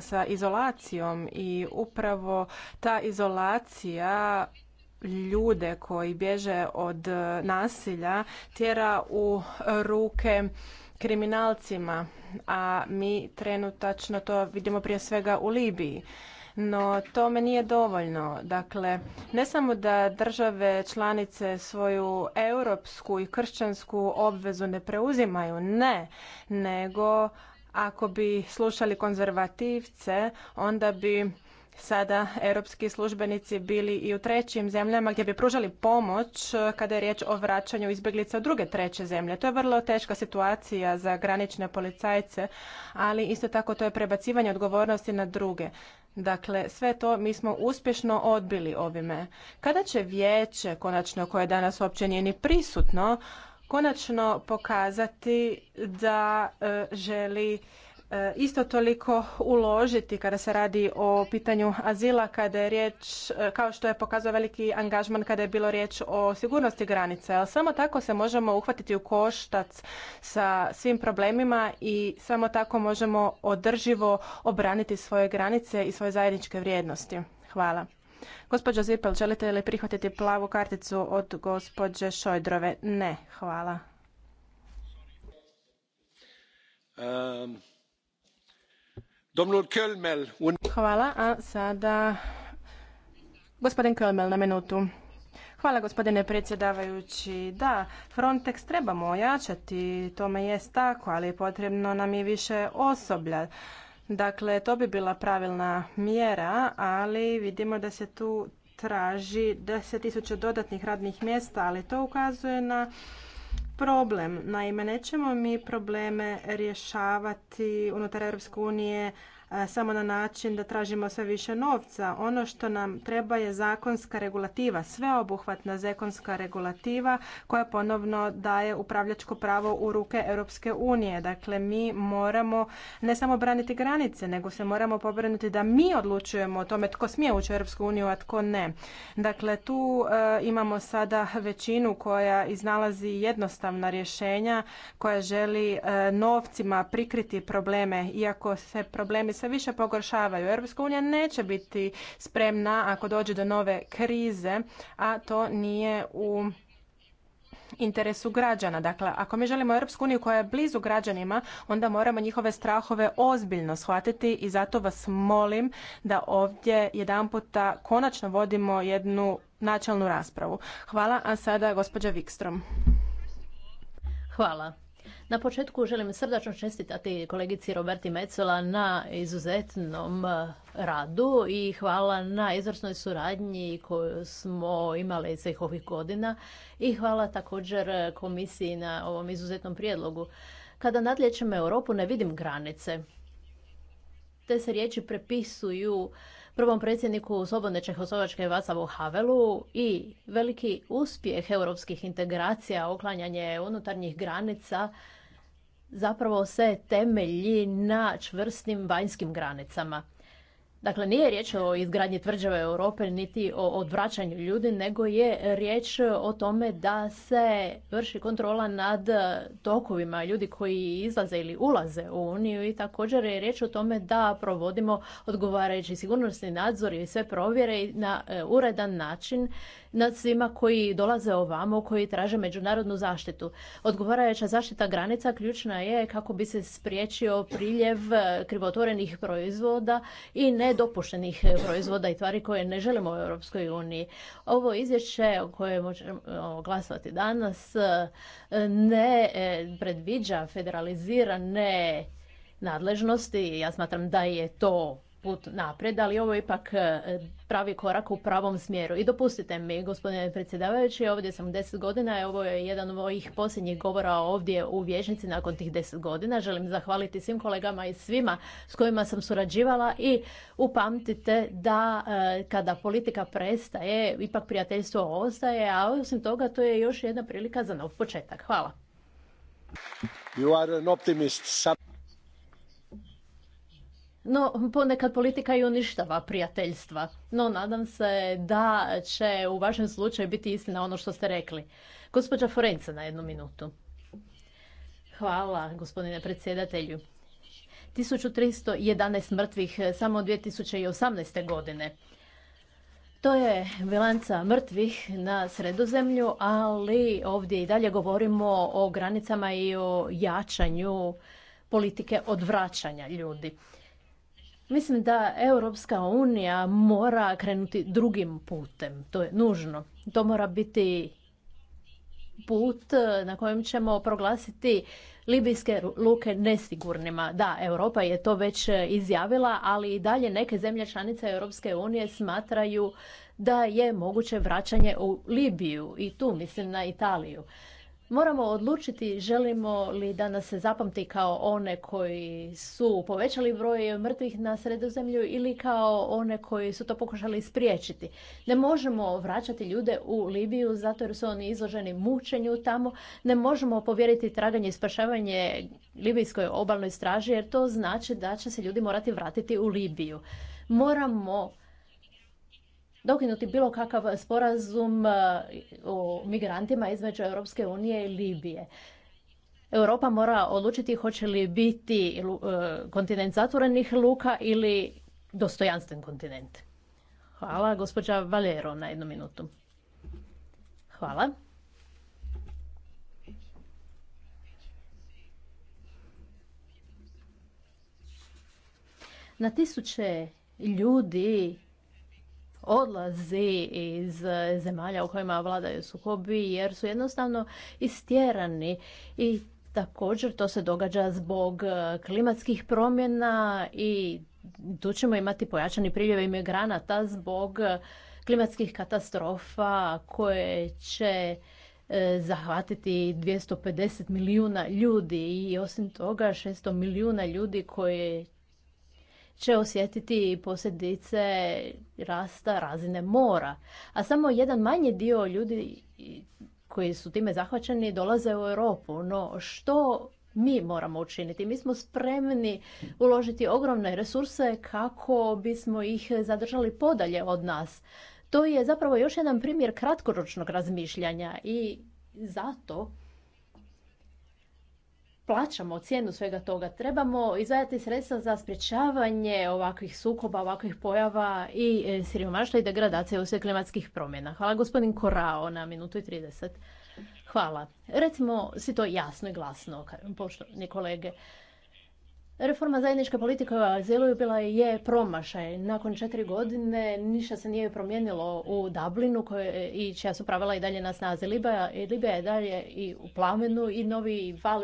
sa izolacijom i upravo ta izolacija ljude koji bježe od e, nasilja tjera u ruke kriminalcima, a mi trenutačno to vidimo prije svega u Libiji. No tome nije dovoljno. Dakle, ne samo da države članice svoju europsku i kršćansku obvezu ne preuzimaju, ne, nego ako bi slušali konzervativce, onda bi sada europski službenici bili i u trećim zemljama gdje bi pružali pomoć eh, kada je riječ o vraćanju izbjeglica u druge treće zemlje. To je vrlo teška situacija za granične policajce, ali isto tako to je prebacivanje odgovornosti na druge. Dakle, sve to mi smo uspješno odbili ovime. Kada će vijeće, konačno koje danas uopće nije ni prisutno, konačno pokazati da e, želi e, isto toliko uložiti kada se radi o pitanju azila kada je riječ e, kao što je pokazao veliki angažman kada je bilo riječ o sigurnosti granice. ali samo tako se možemo uhvatiti u koštac sa svim problemima i samo tako možemo održivo obraniti svoje granice i svoje zajedničke vrijednosti hvala Gospođo Zipel, želite li prihvatiti plavu karticu od gospođe Šojdrove? Ne, hvala. Um, hvala, a sada gospodin Kölmel na minutu. Hvala gospodine predsjedavajući. Da, Frontex trebamo ojačati, tome jest tako, ali potrebno nam je više osoblja. Dakle, to bi bila pravilna mjera, ali vidimo da se tu traži 10.000 dodatnih radnih mjesta, ali to ukazuje na problem. Naime, nećemo mi probleme rješavati unutar Europske unije samo na način da tražimo sve više novca. Ono što nam treba je zakonska regulativa, sveobuhvatna zakonska regulativa koja ponovno daje upravljačko pravo u ruke Europske unije. Dakle, mi moramo ne samo braniti granice, nego se moramo pobrinuti da mi odlučujemo o tome tko smije ući u Europsku uniju, a tko ne. Dakle, tu e, imamo sada većinu koja iznalazi jednostavna rješenja, koja želi e, novcima prikriti probleme, iako se problemi se više pogoršavaju. Europska unija neće biti spremna ako dođe do nove krize, a to nije u interesu građana. Dakle, ako mi želimo Europsku uniju koja je blizu građanima, onda moramo njihove strahove ozbiljno shvatiti i zato vas molim da ovdje jedanputa konačno vodimo jednu načelnu raspravu. Hvala, a sada gospođa Vikstrom. Hvala. Na početku želim srdačno čestitati kolegici Roberti Mecola na izuzetnom eh, radu i hvala na izvrsnoj suradnji koju smo imali svih ovih godina i hvala također eh, komisiji na ovom izuzetnom prijedlogu. Kada nadlječem Europu ne vidim granice. Te se riječi prepisuju prvom predsjedniku Slobodne Čehosovačke Vacavu Havelu i veliki uspjeh europskih integracija, oklanjanje unutarnjih granica, zapravo se temelji na čvrstim vanjskim granicama. Dakle, nije riječ o izgradnji tvrđave Europe niti o odvraćanju ljudi, nego je riječ o tome da se vrši kontrola nad tokovima ljudi koji izlaze ili ulaze u Uniju i također je riječ o tome da provodimo odgovarajući sigurnosni nadzor i sve provjere na e, uredan način nad svima koji dolaze ovamo, koji traže međunarodnu zaštitu. Odgovarajuća zaštita granica ključna je kako bi se spriječio priljev krivotvorenih proizvoda i nedopuštenih proizvoda i tvari koje ne želimo u Europskoj uniji. Ovo izvješće o kojem možemo glasovati danas ne e, predviđa federalizirane nadležnosti. Ja smatram da je to put naprijed, ali ovo je ipak e, pravi korak u pravom smjeru. I dopustite mi, gospodine predsjedavajući, ovdje sam deset godina i ovo je jedan od mojih posljednjih govora ovdje u vježnici nakon tih deset godina. Želim zahvaliti svim kolegama i svima s kojima sam surađivala i upamtite da e, kada politika prestaje, ipak prijateljstvo ostaje, a osim toga to je još jedna prilika za nov početak. Hvala. You are an optimist. No, ponekad politika i uništava prijateljstva. No, nadam se da će u vašem slučaju biti istina ono što ste rekli. Gospođa Forenca na jednu minutu. Hvala, gospodine predsjedatelju. 1311 mrtvih samo 2018. godine. To je bilanca mrtvih na sredozemlju, ali ovdje i dalje govorimo o granicama i o jačanju politike odvraćanja ljudi. Mislim da Europska unija mora krenuti drugim putem. To je nužno. To mora biti put e, na kojem ćemo proglasiti libijske luke nesigurnima. Da, Europa je to već e, izjavila, ali i dalje neke zemlje članice Europske unije smatraju da je moguće vraćanje u Libiju i tu mislim na Italiju moramo odlučiti želimo li da nas se zapamti kao one koji su povećali broj mrtvih na sredozemlju ili kao one koji su to pokušali spriječiti. Ne možemo vraćati ljude u Libiju zato jer su oni izloženi mučenju tamo. Ne možemo povjeriti traganje i spašavanje libijskoj obalnoj straži jer to znači da će se ljudi morati vratiti u Libiju. Moramo dokinuti bilo kakav sporazum e, o migrantima između Europske unije i Libije. Europa mora odlučiti hoće li biti e, kontinent zatvorenih luka ili dostojanstven kontinent. Hvala, gospođa Valero, na jednu minutu. Hvala. Na tisuće ljudi odlazi iz zemalja u kojima vladaju sukobi jer su jednostavno istjerani i također to se događa zbog e, klimatskih promjena i tu ćemo imati pojačani priljeve imigranata zbog e, klimatskih katastrofa koje će e, zahvatiti 250 milijuna ljudi i osim toga 600 milijuna ljudi koje će osjetiti posljedice rasta razine mora. A samo jedan manji dio ljudi koji su time zahvaćeni dolaze u Europu. No što mi moramo učiniti? Mi smo spremni uložiti ogromne resurse kako bismo ih zadržali podalje od nas. To je zapravo još jedan primjer kratkoročnog razmišljanja i zato plaćamo cijenu svega toga. Trebamo izvajati sredstva za sprječavanje ovakvih sukoba, ovakvih pojava i e, siromaštva i degradacije sve klimatskih promjena. Hvala gospodin Korao na minutu i 30. Hvala. Recimo si to jasno i glasno, poštovni kolege. Reforma zajedničke politike u azilu bila je promašaj. Nakon četiri godine ništa se nije promijenilo u Dublinu koje, e, i čija su pravila i dalje na snazi. Libija, Libija je dalje i u plamenu i novi val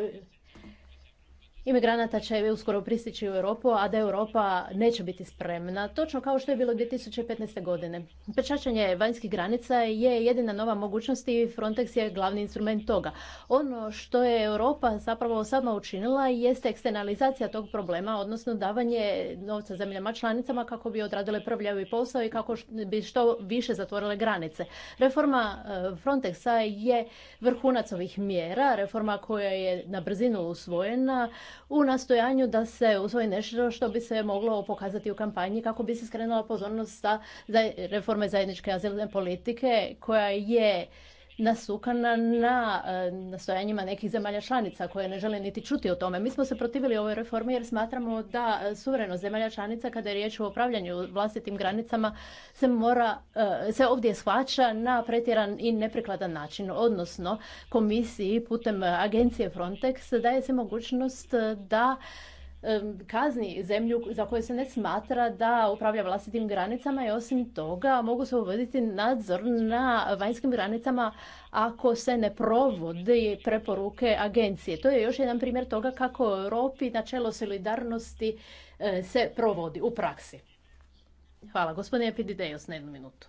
imigranata će uskoro pristići u Europu, a da Europa neće biti spremna, točno kao što je bilo 2015. godine. Pečačanje vanjskih granica je jedina nova mogućnost i Frontex je glavni instrument toga. Ono što je Europa zapravo sama učinila jeste eksternalizacija tog problema, odnosno davanje novca zemljama članicama kako bi odradile prvljavi posao i kako bi što više zatvorile granice. Reforma e, Frontexa je vrhunac ovih mjera, reforma koja je na brzinu usvojena, u nastojanju da se usvoji nešto što bi se moglo pokazati u kampanji kako bi se skrenula pozornost sa reforme zajedničke azilne politike koja je nasukana na e, nastojanjima nekih zemalja članica koje ne žele niti čuti o tome. Mi smo se protivili ovoj reformi jer smatramo da e, suverenost zemalja članica kada je riječ o upravljanju vlastitim granicama se mora e, se ovdje shvaća na pretjeran i neprikladan način, odnosno komisiji putem agencije Frontex daje se mogućnost da kazni zemlju za koju se ne smatra da upravlja vlastitim granicama i osim toga mogu se uvoditi nadzor na vanjskim granicama ako se ne provode preporuke agencije. To je još jedan primjer toga kako u Europi načelo solidarnosti e, se provodi u praksi. Hvala. Gospodine Epididejos, na jednu minutu.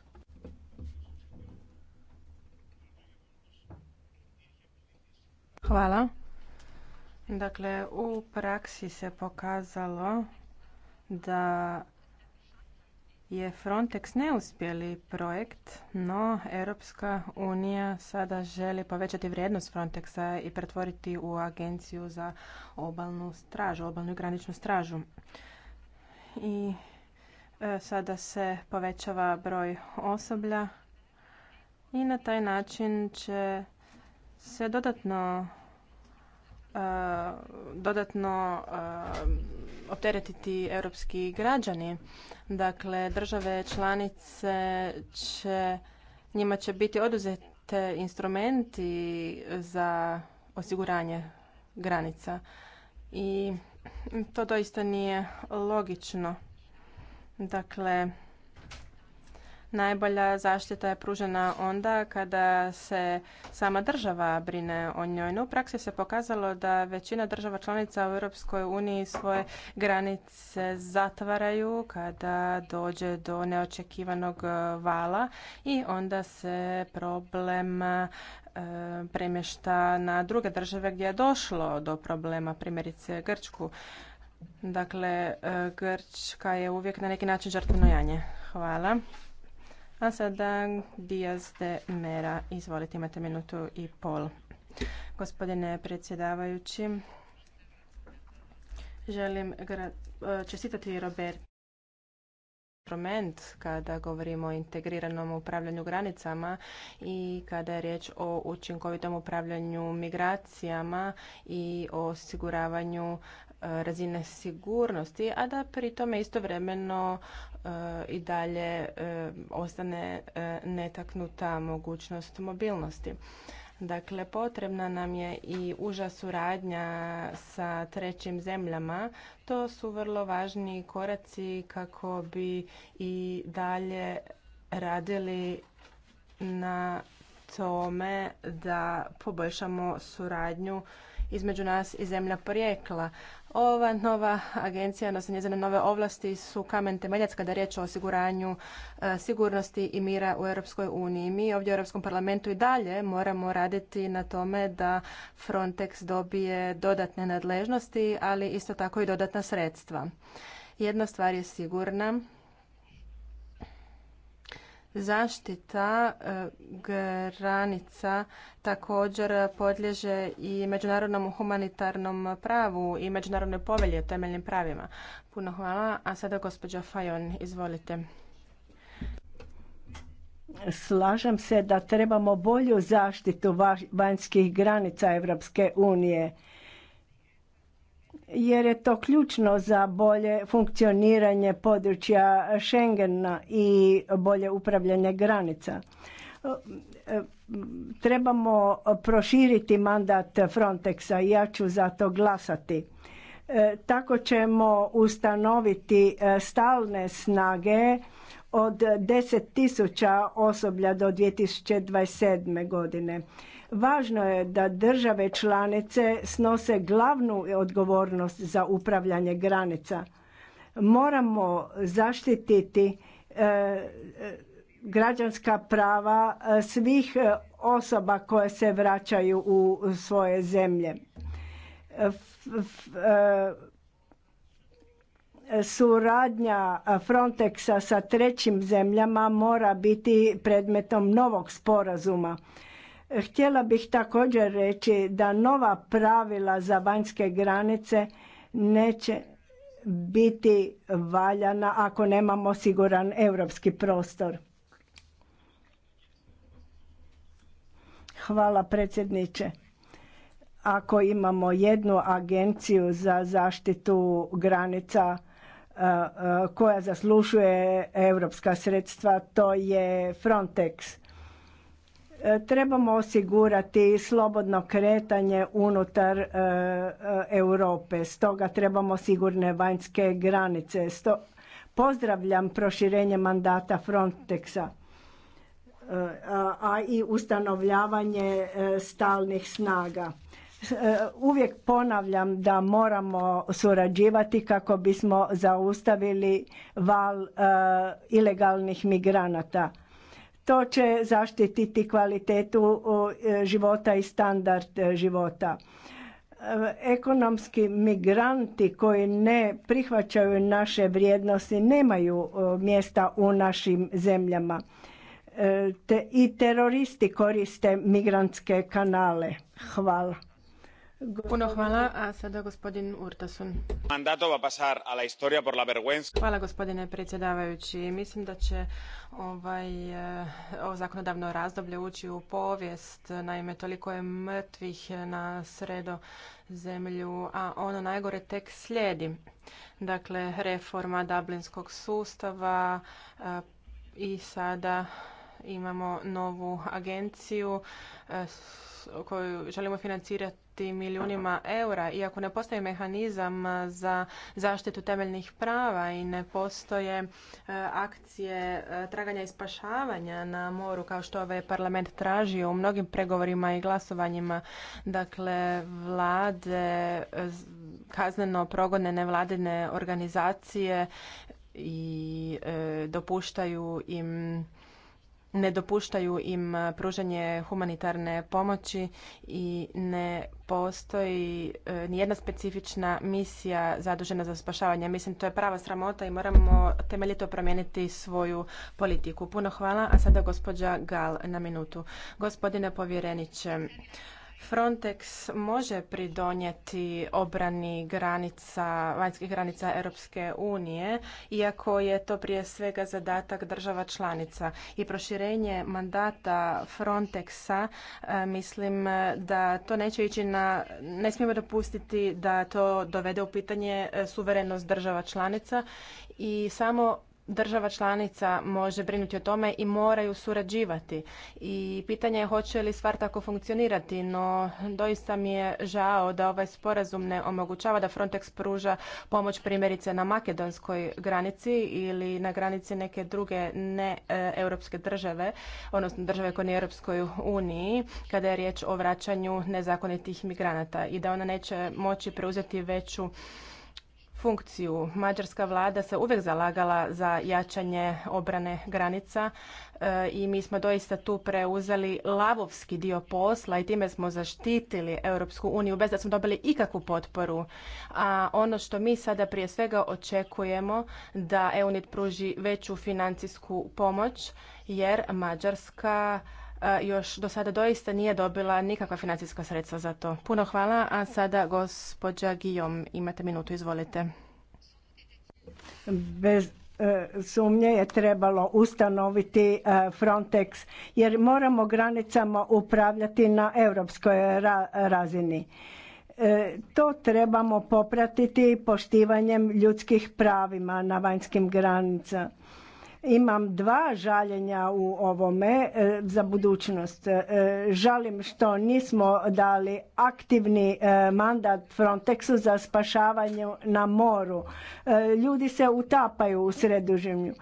Hvala. Dakle, u praksi se pokazalo da je Frontex neuspjeli projekt, no Europska unija sada želi povećati vrijednost Frontexa i pretvoriti u agenciju za obalnu stražu, obalnu i graničnu stražu. I e, sada se povećava broj osoblja i na taj način će se dodatno dodatno opteretiti europski građani. Dakle, države članice će, njima će biti oduzete instrumenti za osiguranje granica. I to doista nije logično. Dakle, Najbolja zaštita je pružena onda kada se sama država brine o njoj. No, u praksi se pokazalo da većina država članica u Europskoj uniji svoje granice zatvaraju kada dođe do neočekivanog e, vala i onda se problem e, premješta na druge države gdje je došlo do problema, primjerice Grčku. Dakle, e, Grčka je uvijek na neki način žrtveno janje. Hvala. A sada Diaz de Mera. Izvolite, imate minutu i pol. Gospodine predsjedavajući, želim eh, čestitati Robert kada govorimo o integriranom upravljanju granicama i kada je riječ o učinkovitom upravljanju migracijama i o osiguravanju Eh, razine sigurnosti, a da pri tome istovremeno eh, i dalje eh, ostane netaknuta mogućnost mobilnosti. Dakle, potrebna nam je i uža suradnja sa trećim zemljama. To su vrlo važni koraci kako bi i dalje radili na tome da poboljšamo suradnju između nas i zemlja porijekla. Ova nova agencija, odnosno njezine nove ovlasti su kamen temeljac kada je riječ o osiguranju e, sigurnosti i mira u Europskoj uniji. Mi ovdje u Europskom parlamentu i dalje moramo raditi na tome da Frontex dobije dodatne nadležnosti, ali isto tako i dodatna sredstva. Jedna stvar je sigurna, Zaštita e, granica također podliježe i međunarodnom humanitarnom pravu i međunarodnoj povelji o temeljnim pravima. Puno hvala. A sada gospođa Fajon, izvolite. Slažem se da trebamo bolju zaštitu vanjskih granica Europske unije jer je to ključno za bolje funkcioniranje područja Schengena i bolje upravljanje granica. Trebamo proširiti mandat Frontexa i ja ću za to glasati. Tako ćemo ustanoviti e, stalne snage od 10.000 osoblja do 2027. godine Važno je da države članice snose glavnu odgovornost za upravljanje granica. Moramo zaštititi e, e, građanska prava e, svih osoba koje se vraćaju u svoje zemlje. Suradnja Frontexa sa trećim zemljama mora biti predmetom novog sporazuma Htjela bih također reći da nova pravila za vanjske granice neće biti valjana ako nemamo siguran europski prostor. Hvala predsjedniče. Ako imamo jednu agenciju za zaštitu granica e, e, koja zaslužuje europska sredstva, to je Frontex E, trebamo osigurati slobodno kretanje unutar e, e, Europe, stoga trebamo sigurne vanjske granice. Pozdravljam proširenje mandata Frontexa a i ustanovljavanje stalnih snaga. Uvijek ponavljam da moramo surađivati kako bismo zaustavili val ilegalnih migranata. To će zaštititi kvalitetu e, života i standard e, života. E, ekonomski migranti koji ne prihvaćaju naše vrijednosti nemaju mjesta u našim zemljama. I teroristi koriste migrantske kanale. Hvala. Puno hvala, a sada gospodin Urtasun. Hvala gospodine predsjedavajući. Mislim da će ovaj, eh, ovo zakonodavno razdoblje ući u povijest. Naime, toliko je mrtvih na sredo zemlju, a ono najgore tek slijedi. Dakle, reforma Dublinskog sustava eh, i sada imamo novu agenciju e, koju želimo financirati milijunima eura. Iako ne postoji mehanizam za zaštitu temeljnih prava i ne postoje e, akcije e, traganja i spašavanja na moru kao što ovaj parlament tražio u mnogim pregovorima i glasovanjima. Dakle, vlade kazneno progone nevladine organizacije i dopuštaju im ne dopuštaju im e, pružanje humanitarne pomoći i ne postoji e, nijedna specifična misija zadužena za spašavanje. Mislim, to je prava sramota i moramo temeljito promijeniti svoju politiku. Puno hvala, a sada gospođa Gal na minutu. Gospodine povjereniče, Frontex može pridonijeti obrani granica, vanjskih granica Europske unije, iako je to prije svega zadatak država članica. I proširenje mandata Frontexa, e, mislim da to neće ići na, ne smijemo dopustiti da to dovede u pitanje e, suverenost država članica i samo država članica može brinuti o tome i moraju surađivati. I pitanje je hoće li stvar tako funkcionirati, no doista mi je žao da ovaj sporazum ne omogućava da Frontex pruža pomoć primjerice na makedonskoj granici ili na granici neke druge ne države, odnosno države koje nije Europskoj uniji, kada je riječ o vraćanju nezakonitih migranata i da ona neće moći preuzeti veću funkciju. Mađarska vlada se uvijek zalagala za jačanje obrane granica e, i mi smo doista tu preuzeli lavovski dio posla i time smo zaštitili Europsku uniju bez da smo dobili ikakvu potporu. A ono što mi sada prije svega očekujemo da EUNIT pruži veću financijsku pomoć jer Mađarska još do sada doista nije dobila nikakva financijska sredstva za to. Puno hvala, a sada gospođa Gijom, imate minutu, izvolite. Bez e, sumnje je trebalo ustanoviti e, Frontex, jer moramo granicama upravljati na europskoj razini. E, to trebamo popratiti poštivanjem ljudskih pravima na vanjskim granicama imam dva žaljenja u ovome e, za budućnost. E, žalim što nismo dali aktivni e, mandat Frontexu za spašavanje na moru. Ljudi se utapaju u sredozemlju.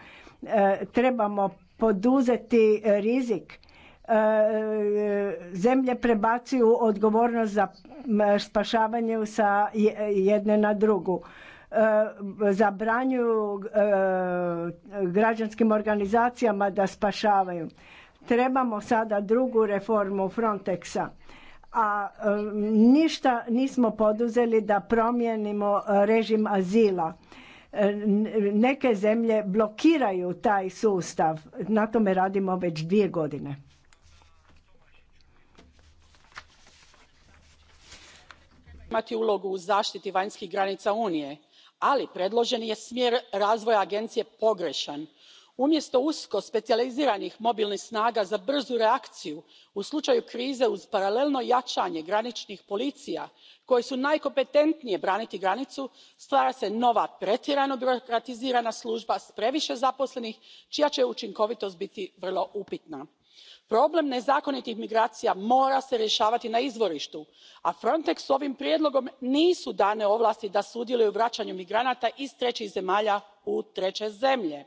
Trebamo poduzeti rizik zemlje prebacuju odgovornost za spašavanje sa jedne na drugu. E, zabranjuju e, građanskim organizacijama da spašavaju. Trebamo sada drugu reformu Frontexa, a e, ništa nismo poduzeli da promijenimo režim azila. Neke zemlje blokiraju taj sustav. Na tome radimo već dvije godine. imati ulogu u zaštiti vanjskih granica unije ali predloženi je smjer razvoja agencije pogrešan. umjesto usko specijaliziranih mobilnih snaga za brzu reakciju u slučaju krize uz paralelno jačanje graničnih policija koje su najkompetentnije braniti granicu stvara se nova pretjerano birokratizirana služba s previše zaposlenih čija će učinkovitost biti vrlo upitna problem nezakonitih migracija mora se rješavati na izvorištu a frontexu ovim prijedlogom nisu dane ovlasti da sudjeluje u vraćanju migranata iz trećih zemalja u treće zemlje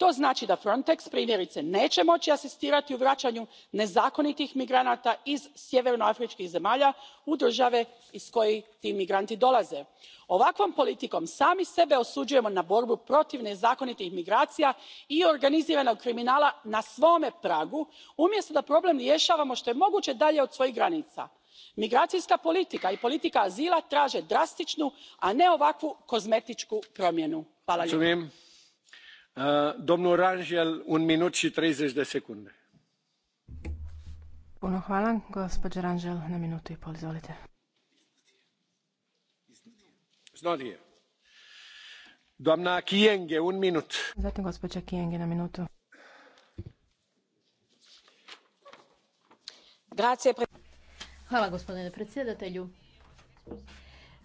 to znači da frontex primjerice neće moći asistirati u vraanju nezakonitih migranata iz sjevernoafričkih zemalja u države iz kojih ti migranti dolaze. ovakvom politikom sami sebe osuujemo na borbu protiv nezakonitih migracija i organiziranog kriminala na svome pragu umjesto da problem rjeavamo što je mogue dalje od svojih granica. migracijska politika i politika azila trae drastinu a ne ovakvu kozmetičku promjenu. Uh, domnul un minut i sekunde. hvala. na minutu i pol, un minut. Zatim gospođa Kijenge na minutu. Hvala gospodine predsjedatelju.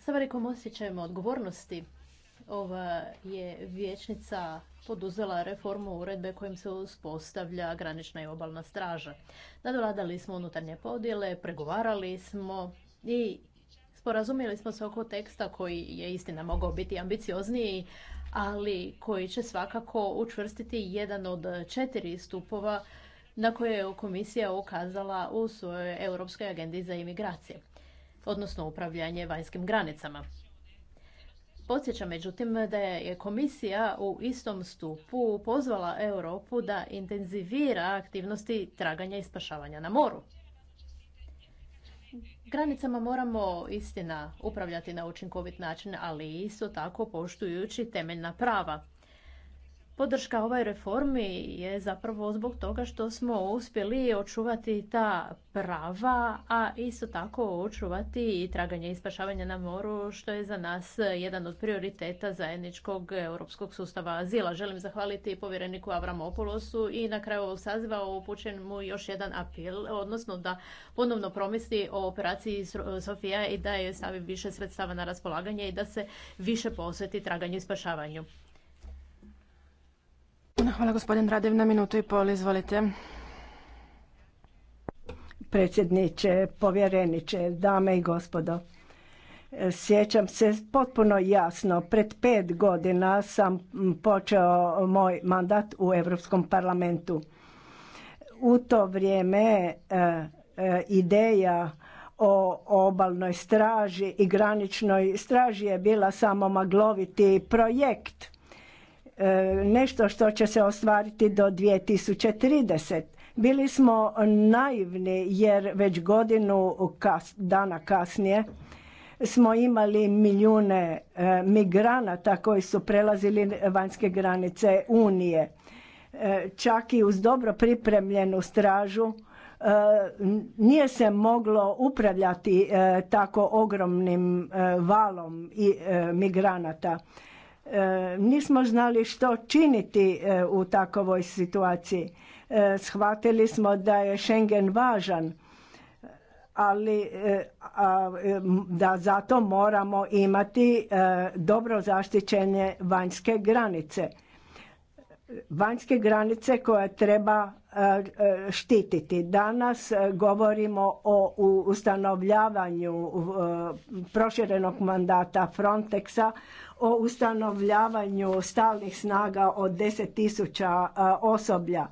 Sa velikom odgovornosti ova je vječnica poduzela reformu uredbe kojim se uspostavlja granična i obalna straža. Nadoladali smo unutarnje podjele, pregovarali smo i sporazumjeli smo se oko teksta koji je istina mogao biti ambiciozniji, ali koji će svakako učvrstiti jedan od četiri stupova na koje je komisija ukazala u svojoj Europskoj agendi za imigracije, odnosno upravljanje vanjskim granicama. Podsjećam međutim da je komisija u istom stupu pozvala Europu da intenzivira aktivnosti traganja i spašavanja na moru. Granicama moramo istina upravljati na učinkovit način, ali isto tako poštujući temeljna prava. Podrška ovoj reformi je zapravo zbog toga što smo uspjeli očuvati ta prava, a isto tako očuvati i traganje i spašavanje na moru, što je za nas jedan od prioriteta zajedničkog europskog sustava azila. Želim zahvaliti povjereniku Avramopoulosu i na kraju ovog saziva upućen mu još jedan apel, odnosno da ponovno promisli o operaciji Sofija i da je stavi više sredstava na raspolaganje i da se više posveti traganju i spašavanju. Hvala gospodin Radev na minutu i pol, izvolite. Predsjedniče, povjereniče, dame i gospodo. Sjećam se potpuno jasno, pred pet godina sam počeo moj mandat u Europskom parlamentu. U to vrijeme e, e, ideja o obalnoj straži i graničnoj straži je bila samo magloviti projekt E, nešto što će se ostvariti do 2030. Bili smo naivni jer već godinu dana kasnije smo imali milijune e, migranata koji su prelazili vanjske granice Unije. E, čak i uz dobro pripremljenu stražu e, nije se moglo upravljati tako ogromnim valom i migranata E, nismo znali što činiti e, u takovoj situaciji. E, shvatili smo da je Schengen važan, ali da zato moramo imati dobro zaštićene vanjske granice. Vanjske granice koje treba štititi. Danas e, govorimo o ustanovljavanju e, proširenog mandata Frontexa, o ustanovljavanju stalnih snaga od 10.000 e, osoblja.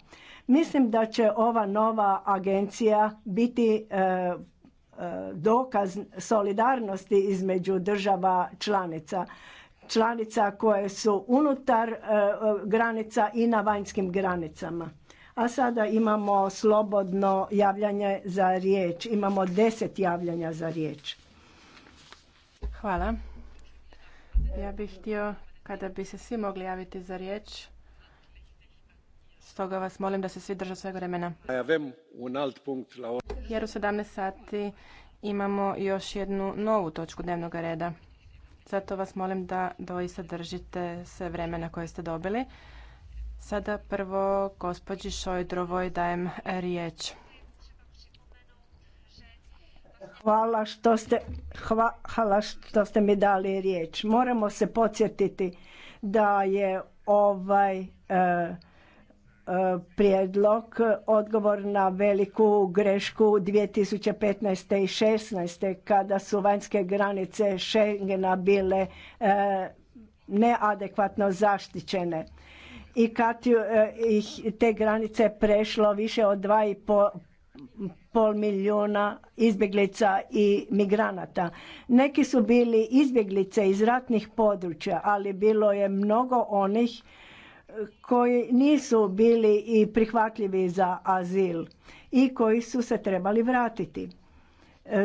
Mislim da će ova nova agencija biti dokaz solidarnosti između država članica članica koje su unutar granica i na vanjskim granicama. A sada imamo slobodno javljanje za riječ. Imamo deset javljanja za riječ. Hvala. Ja bih htio kada bi se svi mogli javiti za riječ. Stoga vas molim da se svi drže svega vremena. Jer u 17 sati imamo još jednu novu točku dnevnog reda. Zato vas molim da doista držite se vremena koje ste dobili. Sada prvo gospođi Šojdrovoj dajem riječ. Hvala što ste, hvala što ste mi dali riječ. Moramo se podsjetiti da je ovaj e, e prijedlog odgovor na veliku grešku 2015. i 16. kada su vanjske granice Schengena bile e, neadekvatno zaštićene i kad e, ih te granice prešlo više od pol milijuna izbjeglica i migranata. Neki su bili izbjeglice iz ratnih područja, ali bilo je mnogo onih e, koji nisu bili i prihvatljivi za azil i koji su se trebali vratiti.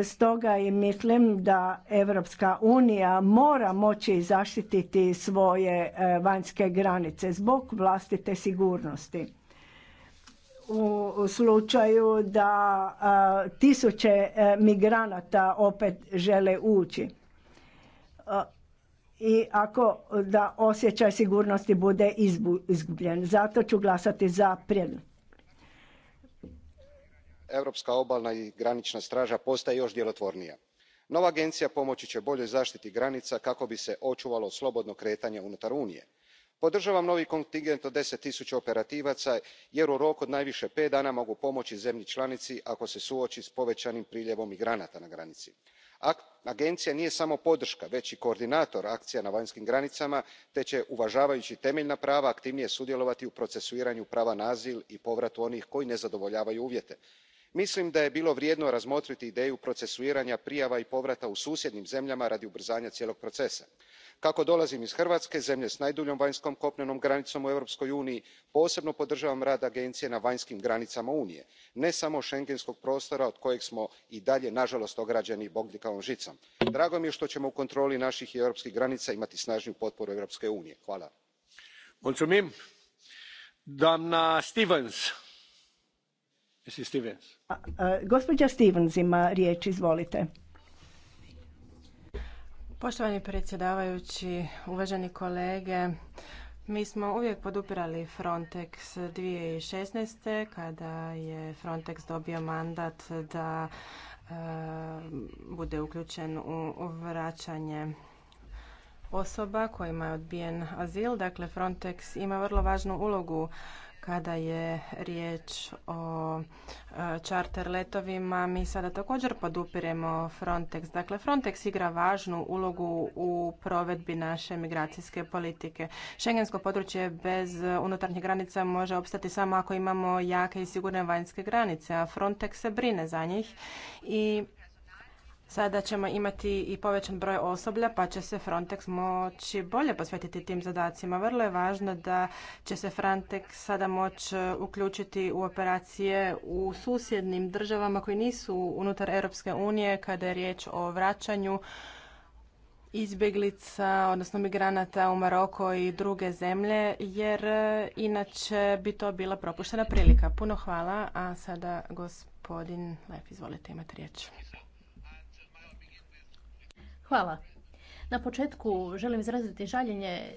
Stoga i mislim da Evropska unija mora moći zaštititi svoje e, vanjske granice zbog vlastite sigurnosti. U slučaju da e, tisuće e, migranata opet žele ući i ako da osjećaj sigurnosti bude izgubljen. Zato ću glasati za prijedlog europska obalna i granina straa postaje jo djelotvornija. nova agencija pomoći će boljoj zatiti granica kako bi se očuvalo slobodno kretanje unutar unije. podravam novi kontingent od ten operativaca jer u roku od najvie pet dana mogu pomoi zemlji lanici ako se suoi s povećanim priljevom migranata na granici. agencija nije samo podrka već i koordinator akcija na vanjskim granicama te će, uvaavajui temeljna prava aktivnije sudjelovati u procesuiranju prava na azil i povratu onih koji ne zadovoljavaju uvjete mislim da je bilo vrijedno razmotriti ideju procesuiranja prijava i povrata u susjednim zemljama radi ubrzanja cijelog procesa. kako dolazim iz hrvatske zemlje s najduljom vanjskom kopnenom granicom u europskoj uniji posebno podržavam rad agencije na vanjskim granicama unije ne samo schengenskog prostora od kojeg smo i dalje nažalost ograđeni bodljikavom žicom. drago mi je što ćemo u kontroli naših i europskih granica imati snaniju potporu europske unije. hvala. Stevens. Stevens ima riječ, izvolite. Poštovani predsjedavajući, uvaženi kolege, mi smo uvijek podupirali Frontex 2016. kada je Frontex dobio mandat da e, bude uključen u vraćanje osoba kojima je odbijen azil. Dakle, Frontex ima vrlo važnu ulogu kada je riječ o e, čarter letovima, mi sada također podupiremo Frontex. Dakle, Frontex igra važnu ulogu u provedbi naše migracijske politike. Šengensko područje bez unutarnjih granica može opstati samo ako imamo jake i sigurne vanjske granice, a Frontex se brine za njih i Sada ćemo imati i povećan broj osoblja, pa će se Frontex moći bolje posvetiti tim zadacima. Vrlo je važno da će se Frontex sada moći e, uključiti u operacije u susjednim državama koji nisu unutar Europske unije kada je riječ o vraćanju izbjeglica, odnosno migranata u Maroko i druge zemlje, jer e, inače bi to bila propuštena prilika. Puno hvala, a sada gospodin Lef, izvolite, imati riječ. Hvala. Na početku želim izraziti žaljenje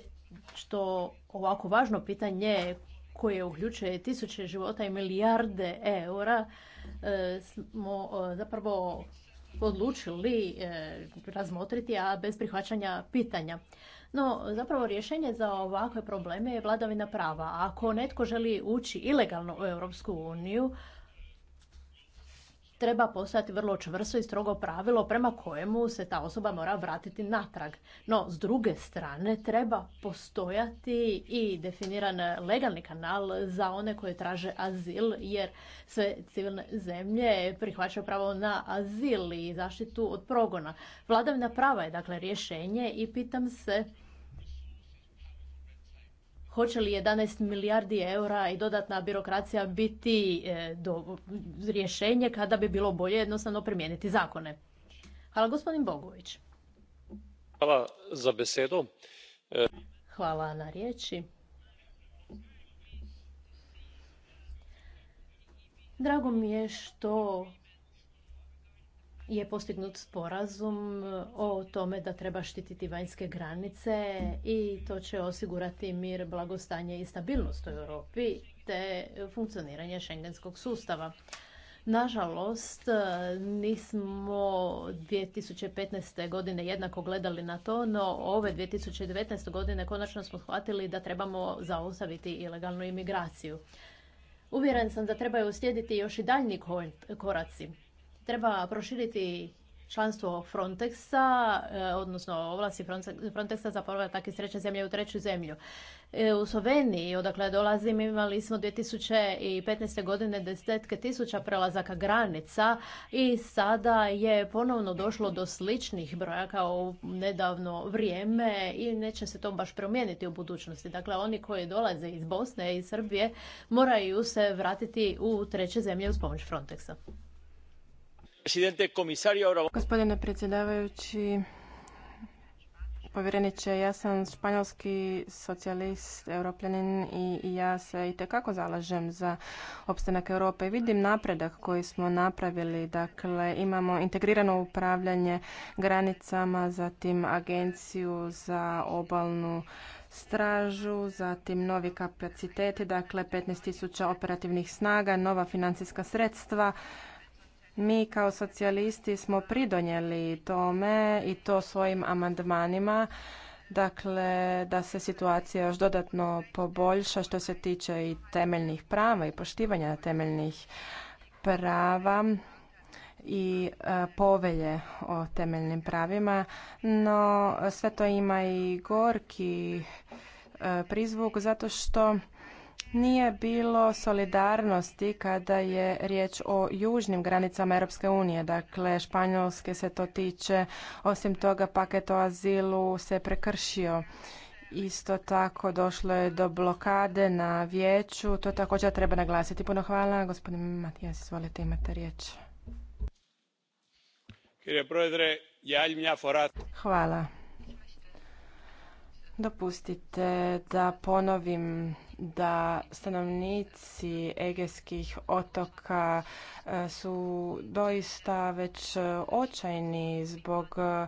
što ovako važno pitanje koje uključuje tisuće života i milijarde eura e, smo e, zapravo odlučili e, razmotriti, a bez prihvaćanja pitanja. No, zapravo rješenje za ovakve probleme je vladavina prava. Ako netko želi ući ilegalno u Europsku uniju, treba postati vrlo čvrsto i strogo pravilo prema kojemu se ta osoba mora vratiti natrag. No, s druge strane, treba postojati i definiran legalni kanal za one koje traže azil, jer sve civilne zemlje prihvaćaju pravo na azil i zaštitu od progona. Vladavina prava je dakle rješenje i pitam se hoće li 11 milijardi eura i dodatna birokracija biti e, do, rješenje kada bi bilo bolje jednostavno primijeniti zakone. Hvala gospodin Bogović. Hvala za besedo. E, Hvala na riječi. Drago mi je što je postignut sporazum eh, o tome da treba štititi vanjske granice i to će osigurati mir, blagostanje i stabilnost u Europi te funkcioniranje šengenskog sustava. Nažalost, eh, nismo 2015. godine jednako gledali na to, no ove 2019. godine konačno smo shvatili da trebamo zaustaviti ilegalnu imigraciju. Uvjeren sam da trebaju uslijediti još i daljnji koraci treba proširiti članstvo Frontexa, e, odnosno ovlasti Frontexa za povratak iz treće zemlje u treću zemlju. E, u Sloveniji, odakle dolazim, imali smo 2015. godine desetke tisuća prelazaka granica i sada je ponovno došlo do sličnih broja kao nedavno vrijeme i neće se to baš promijeniti u budućnosti. Dakle, oni koji dolaze iz Bosne i Srbije moraju se vratiti u treće zemlje uz pomoć Frontexa. Gospodine predsjedavajući, povjereniče, ja sam španjolski socijalist, europljanin i ja se itekako zalažem za opstanak Europe. Vidim napredak koji smo napravili, dakle imamo integrirano upravljanje granicama, zatim agenciju za obalnu stražu, zatim novi kapaciteti, dakle 15.000 operativnih snaga, nova financijska sredstva, mi kao socijalisti smo pridonijeli tome i to svojim amandmanima dakle da se situacija još dodatno poboljša što se tiče i temeljnih prava i poštivanja temeljnih prava i e, povelje o temeljnim pravima, no sve to ima i gorki e, prizvuk zato što nije bilo solidarnosti kada je riječ o južnim granicama Europske unije. Dakle, Španjolske se to tiče. Osim toga, paket o azilu se prekršio. Isto tako došlo je do blokade na vijeću. To također treba naglasiti. Puno hvala. Gospodin Matijas, izvolite, imate riječ. Hvala. Dopustite da ponovim da stanovnici Egejskih otoka e, su doista već e, očajni zbog e,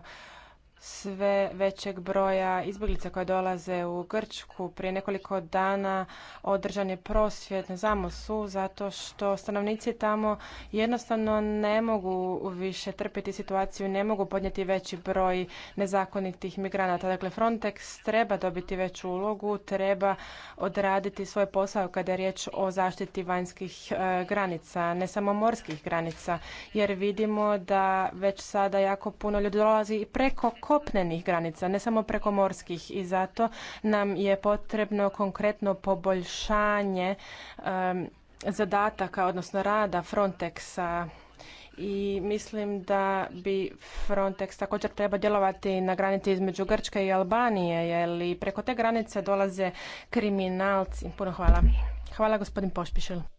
sve većeg broja izbjeglica koje dolaze u Grčku. Prije nekoliko dana održan je prosvjed na Zamosu zato što stanovnici tamo jednostavno ne mogu više trpiti situaciju, ne mogu podnijeti veći broj nezakonitih migranata. Dakle, Frontex treba dobiti veću ulogu, treba odraditi svoj posao kada je riječ o zaštiti vanjskih e, granica, ne samo morskih granica, jer vidimo da već sada jako puno ljudi dolazi i preko kopnenih granica, ne samo preko morskih i zato nam je potrebno konkretno poboljšanje zadataka, odnosno rada Frontexa i mislim da bi Frontex također treba djelovati na granici između Grčke i Albanije, jer i preko te granice dolaze kriminalci. Puno hvala. Hvala gospodin Pošpišil.